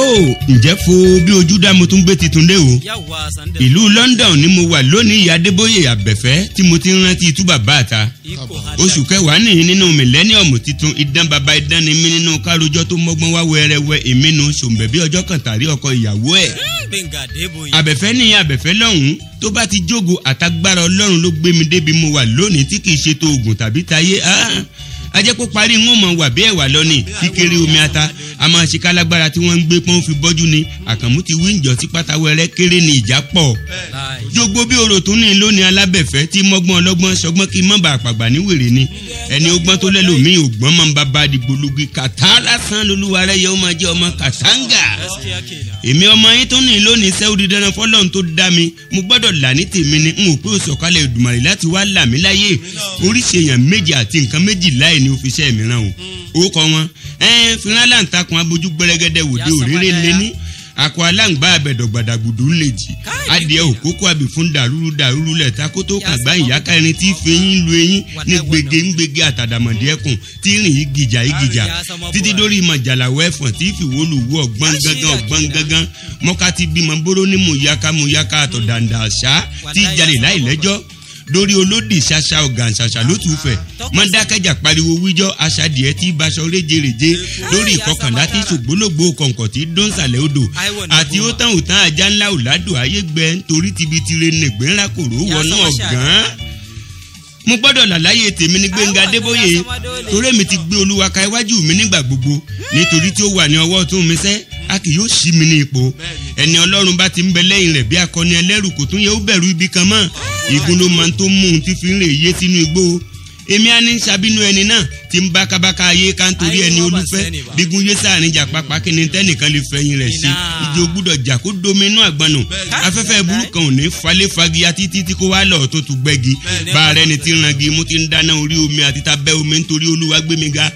oho ǹjẹ́ fo bí ojú dá mo tún gbé titun dé o. ìlú London ni mo wà lónìí ìyá Adébóyè Àbẹ̀fẹ́ tí mo ti rántí tú bàbá ta. oṣù kẹwàá nìyí nínú millennium titun idán baba idan ni mí nínú károjọ́ tó mọ́gbọ́n wá wẹ́rẹ́wẹ́ èmi nu sòmùbẹ̀bí ọjọ́ kan tàrí ọkọ ìyàwó ẹ̀. Àbẹ̀fẹ́ hmm, ní Àbẹ̀fẹ́ lọ́hùn-ún tó bá ti jogo àtagbára Ọlọ́run ló gbé mi débi mo wà lónìí tí kì í ṣe tó oògùn tàbí tayé ah, ajẹ́ kó parí ń mọ̀ wà bí ẹ̀wà lọ́nì kíkiri omi ata àmọ́ àṣìká lágbára tí wọ́n ń gbé pọ́n fi bọ́jú ni àkànmú ti wí ìjọ tí pátáwẹ́rẹ́ kéré ni ìjà pọ̀ jogbo bí orò tó ní lónìí alábẹ̀fẹ́ tí mọ́gbọ́n ọlọ́gbọ́n sọgbọ́n kí mọ́ba àpàgbà ní wèrè ni ẹni ọgbọ́n tó lẹ́lòmíì ògbọ́n máa ń bá bá di gbólógbé kàtá lásán lolúwa rẹ̀ yẹ ó máa jẹ́ ọmọ kàtáǹgà èmi ọmọ yín tó ní lónìí sẹ́wọ́n di dandan fọ́lọ́run tó dá mi mo gbọ́dọ̀ là ní tèmi ni n ò pé òsọ̀kalẹ̀ ìdùmàrè láti wá là mí láyé oríṣi èèyàn méje àti nǹkan méjì akọ aláǹgbá abẹ̀dọ̀gbàdàgbùdù lè jì adìẹ òkókó àbí fún dàrúrú dàrúrú lẹ̀ takótó kàgbá ìyáká ẹni tí fẹ́yìn lu eyín ní gbègé ń gbègé àtàdàmọ̀dé ẹkùn tí rìn igìjà igìjà títí dórí màjàláwọ̀ ẹ̀fọ̀n tí fìwọ́lù wọ̀ gbọ́n gángan gbọ́n gángan mọ́ká ti bímọ bóró ní mùyáká mùyáká àtọ̀dàǹdà àṣá tí jalè láìlẹ́jọ́ lórí olódì ṣaṣa ọ̀gàn ṣaṣa lótú fẹ̀ mọ́dákẹ́jà pariwo wíjọ́ aṣadìẹ tí baṣọ réjereje lórí ìkọkànlá tí ṣògbólógbò kọ̀ǹkọ̀ tí dóńsàlẹ̀ odò àti ó tán òtán ajá ńlá òládò ayé gbẹ nítorí tibitire nìgbẹ́ńlá kòró wọnú ọ̀gán mo gbọ́dọ̀ làlàyé tèmi ní Gbẹ́ngà Adébóyè torí èmi ti gbé Olúwa ka iwájú mi nígbà gbogbo nítorí tí ó wà ní ọwọ́ tó mi sẹ́ a kì yóò ṣí mi ní ipò ẹni Ọlọ́run bá ti ń bẹ lẹ́yìn rẹ̀ bí akọni ẹlẹ́rù kò tún yẹ ó bẹ̀rù ibi kan mọ́ igun ló máa ń tó mú un tí fi ń rè yé sínú igbó èmi á ní sabínú ẹni náà tí ń bákabáka ayé ká ń torí ẹni olúfẹ́ bígun yé sáàrin jà pápá kí ni tẹ́nìkan lè fẹ̀yìn rẹ̀ ṣe ìjì ògbúdọ̀ jà kó dominú àgbọnù afẹ́fẹ́ burúkan ò ní falẹ̀ fagiya títí tí kó wá lọ tó tún gbẹ́gi bá rẹ ni ti rangi mú ti ń dáná orí omi àti tabẹ́ omi nítorí olúwa gbé mi ga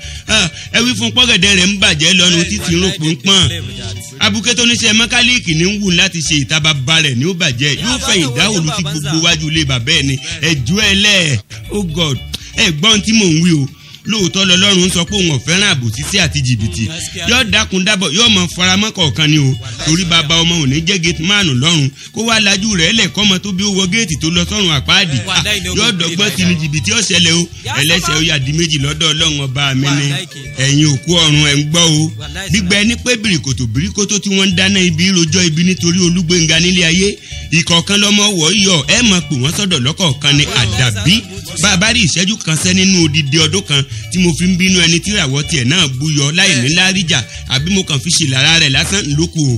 ẹ wí fún pọ́gẹ̀dẹ̀ rẹ̀ ń bàjẹ́ lọ́nu títí rò pé ń pọ́n abuké tó níṣẹ́ mẹkáníìkì ní ń wù láti ṣe ìtaba balẹ̀ ní ó bàjẹ́ yóò fẹ̀yìn dá òlu tí gbogbo wájú ilé bàbá ẹ̀ ni ẹ̀jú ẹ̀ lẹ́ẹ̀ oh god ẹ̀ gbọ́n tí mò ń wí o lóòótọ́ lọ́lọ́run ń sọ pé òun ọ̀fẹ́ràn àbòsísí àti jìbìtì yóò dákun dábọ̀ yóò mọ faramọ́ kọ̀ọ̀kan ni o torí bàbá ọmọ òní jẹ́ gate man lọ́run kó wá lajú rẹ̀ lẹ̀ kọ́mọ tó bí ó wọ géètì tó lọ sọ́run àpáàdì ah, yóò dọ́gbọ́n ti ní jìbìtì ọ̀sẹ̀lẹ̀ o ẹlẹ́sẹ̀ ó yà di méjì lọ́dọ̀ ọlọ́run ọba mi ni ẹ̀yin òkú ọ̀run ẹ̀ ń gbọ́ o gbígbẹ́ ní pé bìrìkòtò bìrìkòtò tí wọ́n ń dáná ibi rojọ́ ibi nítorí olúgbénga nílé ayé ìkọ̀ọ̀kan lọ́mọ wọ̀ yọ ẹ̀ mọ̀ pé wọ́n sọ̀dọ̀ bàbá rí ìṣẹ́jú kan sẹ́ nínú odidi ọdún kan tí mo fi ń bínú ẹni tí ìràwọ̀ tiẹ̀ náà búyọ láì ní láríjà àbí mo kàn fi ṣe lára rẹ̀ lásán lóko o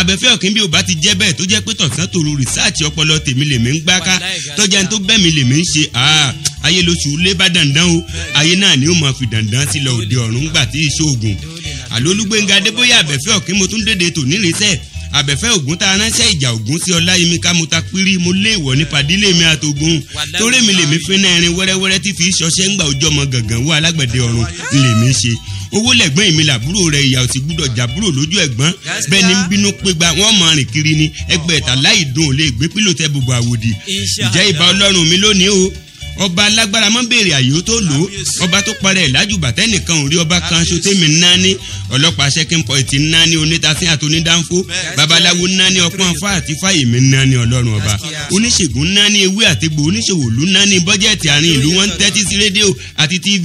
abẹ́fẹ́ ọ̀kín bí o bá ti jẹ́ bẹ́ẹ̀ tó jẹ́ pé tọ̀sán tòru rìsáàtì ọpọlọ tèmi lèmi ń gbáká tọ́jà tó bẹ́mi lèmi ń ṣe ayé lóṣù lé bá dandan o ayé náà ni ó máa fi dandan sí lọ òde ọ̀run gbà tí ìṣòògùn àlólúgbénga abẹ́fẹ́ ọ̀kín mo tún dédé tò nílẹ̀ẹ́sẹ̀ àbẹ̀fẹ́ ògùn tá a ránṣẹ́ ìjà ògùn sí ọlá yìí mi ká mo ta pírí mo lé ìwọ̀ nípa dílé mi àtògùn torí mi lèmi fi náà rin wẹ́rẹ́wẹ́rẹ́ tí fi ṣọṣẹ́ ńgbà ojú ọmọ gàngàn wọ alágbẹ̀dẹ ọ̀run mi ṣe owó lẹ́gbọ́n èmi làbúrò rẹ̀ ìyá ò sì gbúdọ̀ jàbúrò lójú ẹ̀gbọ́n bẹ́ẹ̀ ni ń bínú pégbá wọ́n mọ rìn kiri ni ẹgbẹ́ ẹ̀ta dùn ò lè gbé pílò tẹ́ bùbù àwòdì ìjẹ́ ìbá ọlọ́run mi lónìí o ọba alágbára mọ́ béèrè àyò tó lò ó ọba tó parẹ́ ìlàjùbà tẹ́nìkan ò rí ọba kan ṣo tèmi nání ọlọ́pàá second point nání onítàfín àtúndánfó babaláwo nání ọpọ́n afá àti fáyèmí nání ọlọ́run ọba oníṣègùn nání ewé àtegbò oníṣòwòlú nání bọ́jẹ̀tì àárín ìlú wọn tẹ́tí sí rédíò àti tv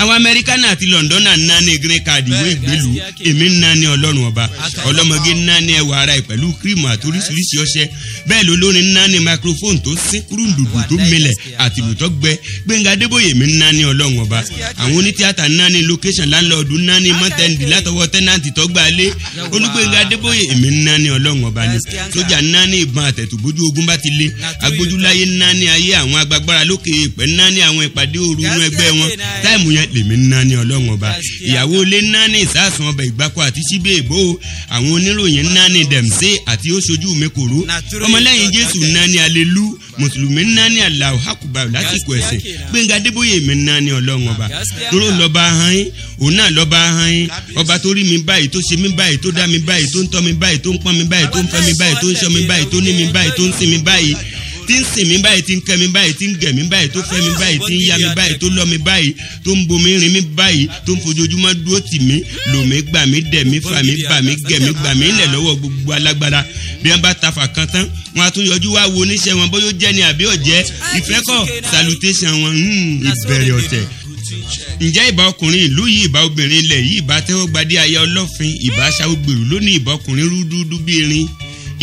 àwọn amẹ́ríkánà àti lọ́ndọ́nà nání green card ìwé ìgbélú èmi nání ọlọ́run ọba ọlọ́mọge nání ẹwà ara ẹ̀ pẹ̀lú kírìmù àti oríṣiríṣi ọṣẹ bẹ́ẹ̀ lolórin nání microphone tó sínkúrú dùdù tó milẹ̀ àtìlù àtọ́gbẹ gbẹ̀ngà adébóyè mi ńná ní ọlọ́run ọba àwọn onítìátà ńná ní location landlord ńná ní mọ́tẹ́ndì látọwọ́ tẹ́nàntì tọ́gbà lé olúgbẹ̀ngà adébóyè mi ńná ní ọlọ́run ọba ni sójà ńná ní ìbọn àtẹ̀tùbójú ogun bá ti lé agbójúláyé ńná ní ayé àwọn agbágbára lókè èèpẹ̀ ńná ní àwọn ìpàdé òru inú ẹgbẹ́ wọn táìmù yẹn lèmi mi kòró ní alelu mùsùlùmí ńlá ní Allahu Akbar lásìkò ẹ̀sìn Gbẹ́ngà Adébóyè mi ńlá ní ọlọ́run ọba dúró lọ́ba ahọ́n yín òun náà lọ́ba ahọ́n yín ọba tó rí mi báyìí tó ṣe mi báyìí tó dá mi báyìí tó ń tọ́ mi báyìí tó ń pọ́n mi báyìí tó ń fẹ́ mi báyìí tó ń ṣọ́ mi báyìí tó ní mi báyìí tó ń sin mi báyìí tí ń sìn mí báyìí tí ń kẹ́ mi báyìí tí ń gẹ̀ mí báyìí tó fẹ́ mi báyìí tí ń yá mi báyìí tó lọ́ mi báyìí tó ń bomi rin mi báyìí tó ń fojoojúmọ́ dúró tì mí lò mí gbà mí dẹ̀ mí fà mí bà mí gẹ̀ mí gbà mí lẹ̀ lọ́wọ́ gbogbo alágbára bí wọ́n bá tafà kan tán wọn a tún yọjú wá wo oníṣẹ́ wọn bóyá ó jẹ́ ni àbí ọ̀jẹ́ ìfẹ́ kọ́ salutation wọn hmm, ìbẹ̀rẹ̀ ọ̀tẹ̀ ǹjẹ́ ìbá ọkùnrin ìlú yìí ìbá obìnrin ilẹ̀ yìí ìbá tẹ́wọ́gbadé aya ọlọ́fin ìbá aṣáwó gbèrú lónìí ìbá ọkùnrin rúdúdú bí irin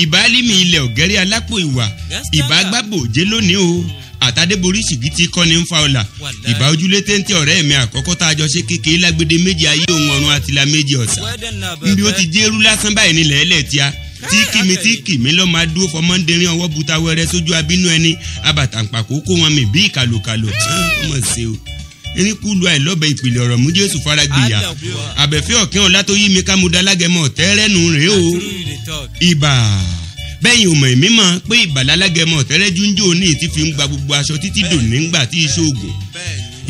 ìbálìmí ilẹ̀ ọ̀gẹ́rẹ́ alápò ìwà ìbágbàbò jẹ́ lónìí o àtàdéborí sìgìtì kọ́ni ń fa ọ̀la ìbá ojúlé téńté ọ̀rẹ́ mi àkọ́kọ́ tá a jọ ṣe kékeré lágbede méje ayé òun ọ̀run àtìlá méje ọ̀sà níbi ó ti jẹ́rú lásán báyìí nílẹ̀ ẹlẹ́tíá tí kìmí tí kìmí lọ́ máa dúró fọmọ́ndínrín ọwọ́ buta wẹrẹ sójú abínú ẹni abàtàǹpàkó kó wọn mì bí ìkàlòkàlò ọmọ ṣe o erékùlù àìlọ́bẹ̀ ìpìlẹ̀ ọ̀rọ̀ mú jésù faragbìyà àbẹ̀fẹ́ ọ̀kẹ́ ọ̀la tó yí mi ká mo dalágẹmọ tẹ́rẹ́nu rèé o ibà bẹ́yìn ò mọ̀ èmi mọ̀ pé ìbà lálágẹmọ tẹ́rẹ́jú ń jò ní ti fi ń gba gbogbo aṣọ títí dòní nígbà tí iṣẹ́ òògùn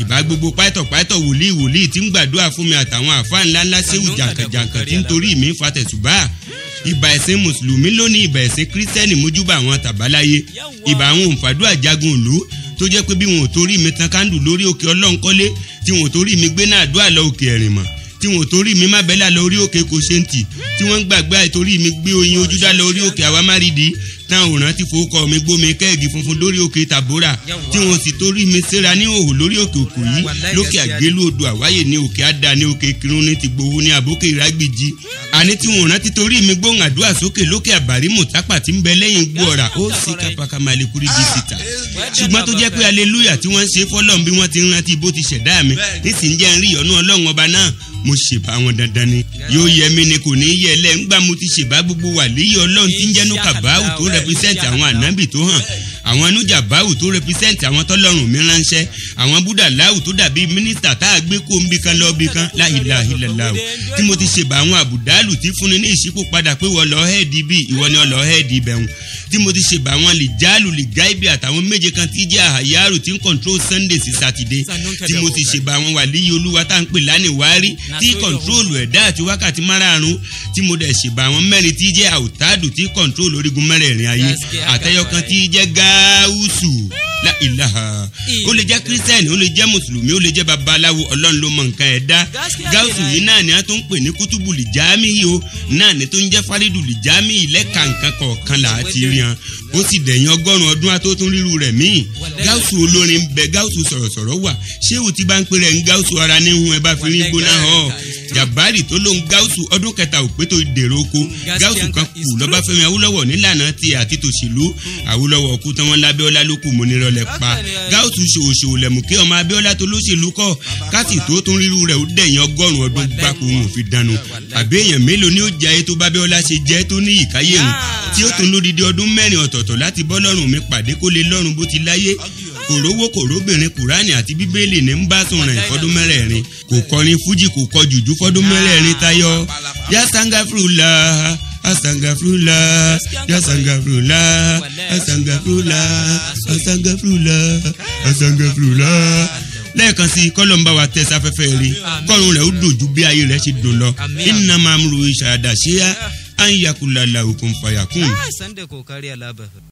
ìbá gbogbo pátọ̀pátọ̀ wòlíì wòlíì tí ń gbàdúrà fún mi àtàwọn àfa ńláńlá séwù jàǹkànjàǹkàn tí ń torí mi ń fa tẹ̀sùbá ìbà ẹ̀sìn mùsùlùmí lónìí ìbà ẹ̀sìn kírísítẹ́nì mójúbà àwọn tàbáláyé ìbà àwọn òǹfàdúà jagun ìlú tó jẹ́ pé bí wọn ò torí mi tan kándù lórí òkè ọlọ́nkọ́lé tí wọn ò torí mi gbé náà dúà lọ òkè ẹ̀rìnmọ̀ tí wọn ò torí mi má bẹ́là lọ orí òkè kòsẹ́ntì tí wọ́n ń gbàgbé àìtorí mi gbé oyin ojú dá lọ orí òkè àwámárìdí táwọn òràn ti fowókọ mi gbómi kẹ́ẹ̀gì funfun lórí òkè tabora tí wọn sì torí mi séra ní òhò lórí òkè òkò yìí lókè àgbélú odò àwáyè ní òkè àdá ní òkè kirun ní ti gbowó ní àbókè ìrágbìjì àní tí wọn òràn ti torí mi gbóhùn àdúrà sókè lókè àbárí mùtápà tí ń bẹ lẹ́yìn gbó ọ̀rà ó sì kápákà máa lè kúrí bí síta ṣùgbọ́n tó jẹ́ pé aleluya tí wọ́n ń ṣe fọ́lọ́run bí wọ́n ti rántí bó ti ṣẹ̀dá mi nísìnyí jẹ́ ń rí ìyọ́nú ọlọ́run ọba náà mo ṣèbá wọn dandan ni yóò yẹ mí ni kò ní yẹ lẹ́ ńgbà mo ti ṣèbá gbogbo wà léyìí ọlọ́run tí ń jẹ́nu kàbáwù tó rẹ represent àwọn ànábì tó hàn àwọn nujà báwù tó represent àwọn tọ́lọ́run mi ránṣẹ́ àwọn búdà láwù tó dàbí mínísítà tá a gbé kó nbí kan lọ bí kan láìláìláìláwù tí mo ti ṣèbà àwọn àbùdálù tí fúnni ní ìṣípò padà pé wọ́n lọ hẹ́ẹ̀dì bí ìwọ ni wọ́n lọ hẹ́ẹ̀dì bẹ̀rùn tí mo ti ṣèbà àwọn lìjálù lìgáìbì àtàwọn méje kan tí jẹ́ àyàrù tí ń control sunday sí saturday tí mo ti ṣèbà àwọn wàlíyí olúwa tá ń pè lánìwárí tí control ẹ̀dá àti wákàtí márààrún tí mo dẹ̀ ṣèbà àwọn mẹ́rin tí jẹ́ àwòtádù tí control orígun mẹ́rẹ̀ẹ̀rin ayé àtẹyọkan tí jẹ́ gáà dáúsù la ilaha o lè jẹ́ kírísítẹ́nì o lè jẹ́ mùsùlùmí o lè jẹ́ babaláwo ọlọ́run ló mọ nǹkan ẹ̀ dá gáúsù yìí náà ni a tó ń pè ní kútùbù lìjáàmì yìí o náà ni tó ń jẹ́ fárídù lìjáàmì yìí lẹ́ka nǹkan kọ̀ọ̀kan là á ti rí han ó sì dẹ̀yìn ọgọ́rùn-ún ọdún atótún ríru rẹ̀ míì gáúsù olórin ń bẹ gáúsù sọ̀rọ̀sọ̀rọ̀ wà ṣé o bá ń pèrè ń gáúsù ara níhun ẹ bá fi rí gbóná họ jabari tó lóun gausu ọdún kẹta ò pé tó dèrò oko gáúsù kan kù lọ́báfẹ́mi awólọ́wọ̀ nílànà tiẹ̀ àti tòṣèlú awólọ́wọ̀ kú tán wọn lábẹ́ ọlá lókù mọ́nirọ́ lẹ pa gáùtù ṣòwòṣòwò lẹ̀mú kí ọmọ abíọ́lá tó lóṣèlú kọ́ káàtì tó tún rírú rẹ̀ ó dẹ̀yìn ọgọ́rùn ọdún gbáko wọn fi dànù àbí èèyàn mélòó ni ó jẹ́ ayé tó bábíọ́lá ṣe jẹ́ tó ní ìkáyé rùn tí ó tún lódìdí ọdún mẹ́rin ọ̀tọ̀ọ̀tọ̀ láti bọ́ lọ́rùn mi pàdé kó lè lọ́rùn bó ti láyé kòrówó kòróbìnrin kùránì àti bíbélì ní ń bá sùn rìn fọdún mẹ́rẹ̀ẹ̀rin kò kọrin fújì kò kọ jùjú fọdún mẹ́rẹ̀ẹ̀rin tayọ yasangafurula asangafula yasangafula asangafula asangafula asangafula lẹ́ẹ̀kan sí kọ́lọ̀ ń bá wa tẹ́ sáfẹ́fẹ́ rí kọ́lọ̀ rẹ̀ ó dùn ju bí ayé rẹ̀ ṣe dùn lọ iná máa ń ro ìṣàdá ṣíyá ń yakùlà làwùkùn fàyàkùn.